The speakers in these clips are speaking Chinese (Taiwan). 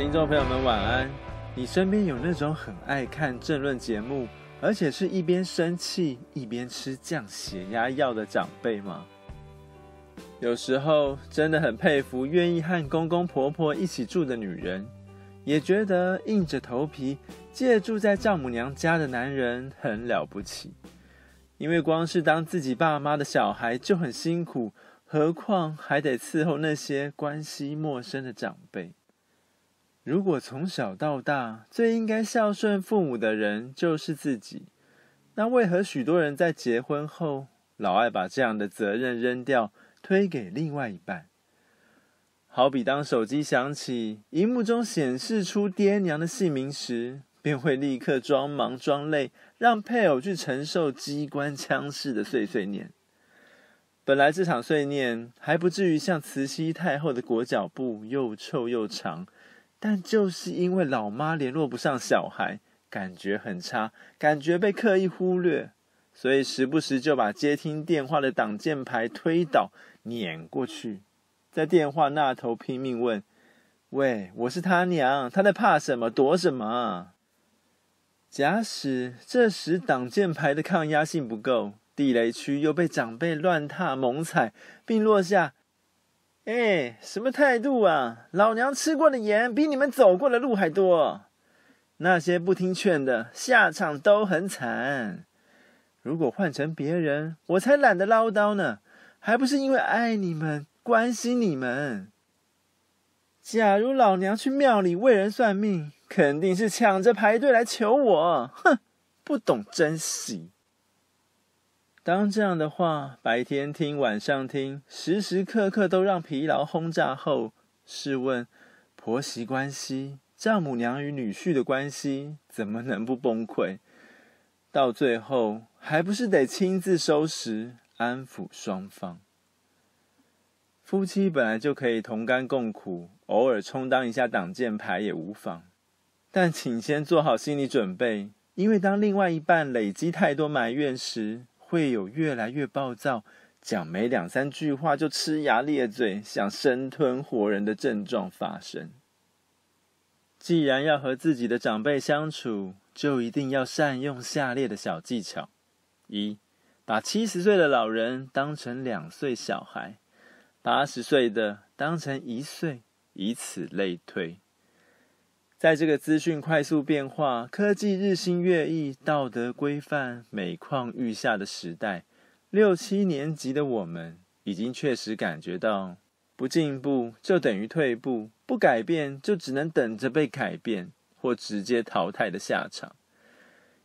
聽眾朋友們，晚安。你身邊有那種很愛看政論節目，而且是一邊生氣一邊吃降血壓藥的長輩嗎？有時候真的很佩服願意和公公婆婆一起住的女人，也覺得硬着頭皮借住在丈母娘家的男人很了不起。因為光是當自己爸媽的小孩就很辛苦，何況還得伺候那些關係陌生的長輩。如果從小到大最應該孝順父母的人就是自己，那為何許多人在結婚後老愛把這樣的責任扔掉，推給另外一半？好比當手機響起，熒幕中顯示出爹娘的姓名時，便會立刻裝忙裝累，讓配偶去承受機關槍式的碎碎念。本來這場碎念還不至於像慈禧太後的裹腳布，又臭又長。但就是因為老媽聯絡不上小孩，感覺很差，感覺被刻意忽略，所以時不時就把接聽電話的擋箭牌推倒、碾過去，在電話那頭拼命問：“喂，我是他娘，他在怕什麼、躲什麼？”假使這時擋箭牌的抗壓性不夠，地雷區又被長輩亂踏猛踩，並落下。哎、欸，什麼態度啊！老娘吃過的鹽比你們走過的路還多，那些不聽勸的下場都很慘。如果換成別人，我才懶得嘮叨呢，還不是因為愛你們、關心你們。假如老娘去廟裡為人算命，肯定是搶着排隊來求我。哼，不懂珍惜。當這樣的話，白天聽，晚上聽，時時刻刻都讓疲勞轟炸後，試問，婆媳關係、丈母娘與女婿的關係怎麼能不崩潰？到最後，還不是得親自收拾、安撫雙方。夫妻本來就可以同甘共苦，偶爾充當一下擋箭牌也無妨。但請先做好心理準備，因為當另外一半累積太多埋怨時，會有越來越暴躁，講沒兩三句話就呲牙咧嘴、想生吞活人的症狀發生。既然要和自己的長輩相處，就一定要善用下列的小技巧：一，把七十歲的老人當成兩歲小孩，八十歲的當成一歲，以此類推。在這個資訊快速變化、科技日新月異、道德規範每況愈下的時代，六七年級的我們已經確實感覺到，不進步就等於退步，不改變就只能等着被改變或直接淘汰的下場。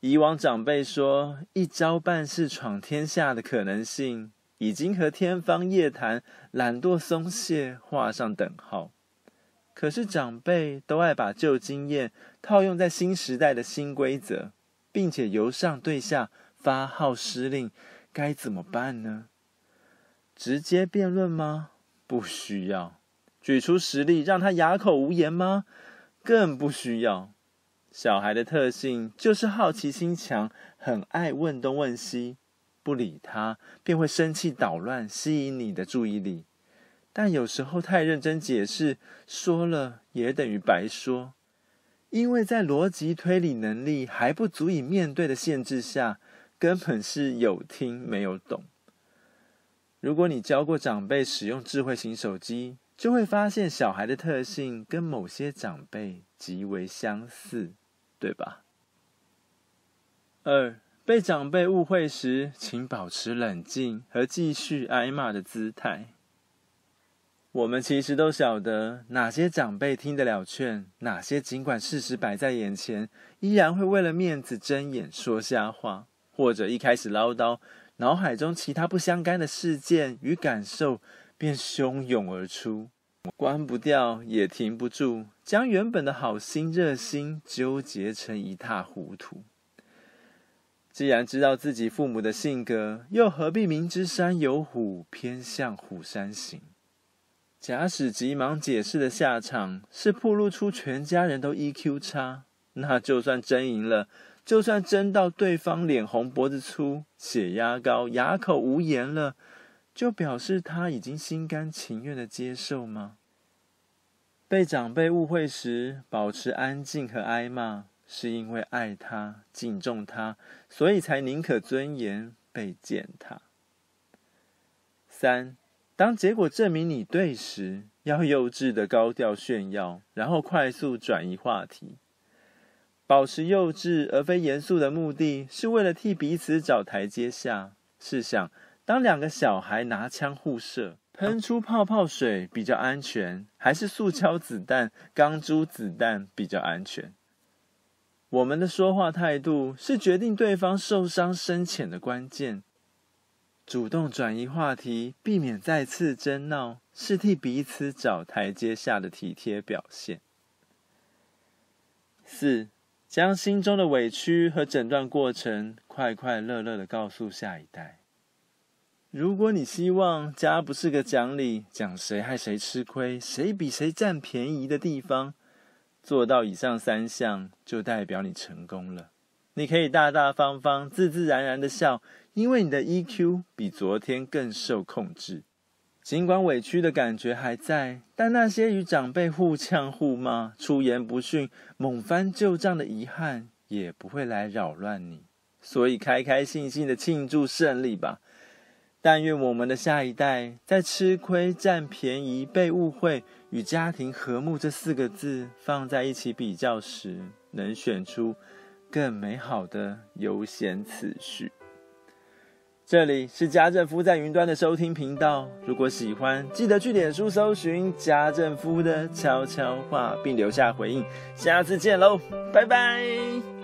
以往長輩說“一招半式闖天下的可能性”，已經和天方夜譚、懶惰鬆懈畫上等號。可是長輩都愛把舊經驗套用在新時代的新規則，並且由上對下發號施令，該怎麼辦呢？直接辯論嗎？不需要。舉出實例讓他啞口無言嗎？更不需要。小孩的特性就是好奇心強，很愛問東問西，不理他，便會生氣搗亂，吸引你的注意力。但有時候太認真解釋，說了也等於白說，因為在邏輯推理能力還不足以面對的限制下，根本是有聽沒有懂。如果你教過長輩使用智慧型手機，就會發現小孩的特性跟某些長輩極為相似，對吧？二，被長輩誤會時，請保持冷靜和繼續挨罵的姿態。我們其實都曉得哪些長輩聽得了勸，哪些儘管事實擺在眼前，依然會為了面子睜眼說瞎話，或者一開始嘮叨，腦海中其他不相干的事件與感受便洶湧而出，關不掉也停不住，將原本的好心熱心糾結成一塌糊塗。既然知道自己父母的性格，又何必明知山有虎，偏向虎山行？假使急忙解釋的下場是暴露出全家人都 EQ 差，那就算真贏了，就算真到對方臉紅脖子粗、血壓高、啞口無言了，就表示他已經心甘情願的接受嗎？被長輩誤會時，保持安靜和挨罵，是因為愛他、敬重他，所以才寧可尊嚴被踐踏。三。當結果證明你對時，要幼稚的高調炫耀，然後快速轉移話題。保持幼稚而非嚴肅的目的是為了替彼此找台階下。試想，當兩個小孩拿槍互射，噴出泡泡水比較安全，還是塑膠子彈、鋼珠子彈比較安全？我們的說話態度是決定對方受傷深淺的關鍵。主動轉移話題，避免再次爭鬧，是替彼此找台階下的體貼表現。四，將心中的委屈和診斷過程快快樂樂地告訴下一代。如果你希望家不是個講理、講誰害誰吃虧、誰比誰佔便宜的地方，做到以上三項，就代表你成功了。你可以大大方方、自自然然地笑。因為你的 EQ 比昨天更受控制，儘管委屈的感覺還在，但那些與長輩互嗆互罵、出言不遜、猛翻舊賬的遺憾也不會來擾亂你。所以開開心心的慶祝勝利吧！但願我們的下一代在吃虧、占便宜、被誤會與家庭和睦這四個字放在一起比較時，能選出更美好的優先次序。這裡是家政夫在雲端的收聽頻道。如果喜歡，記得去臉書搜尋家政夫的悄悄話，並留下回應。下次見嘍，拜拜。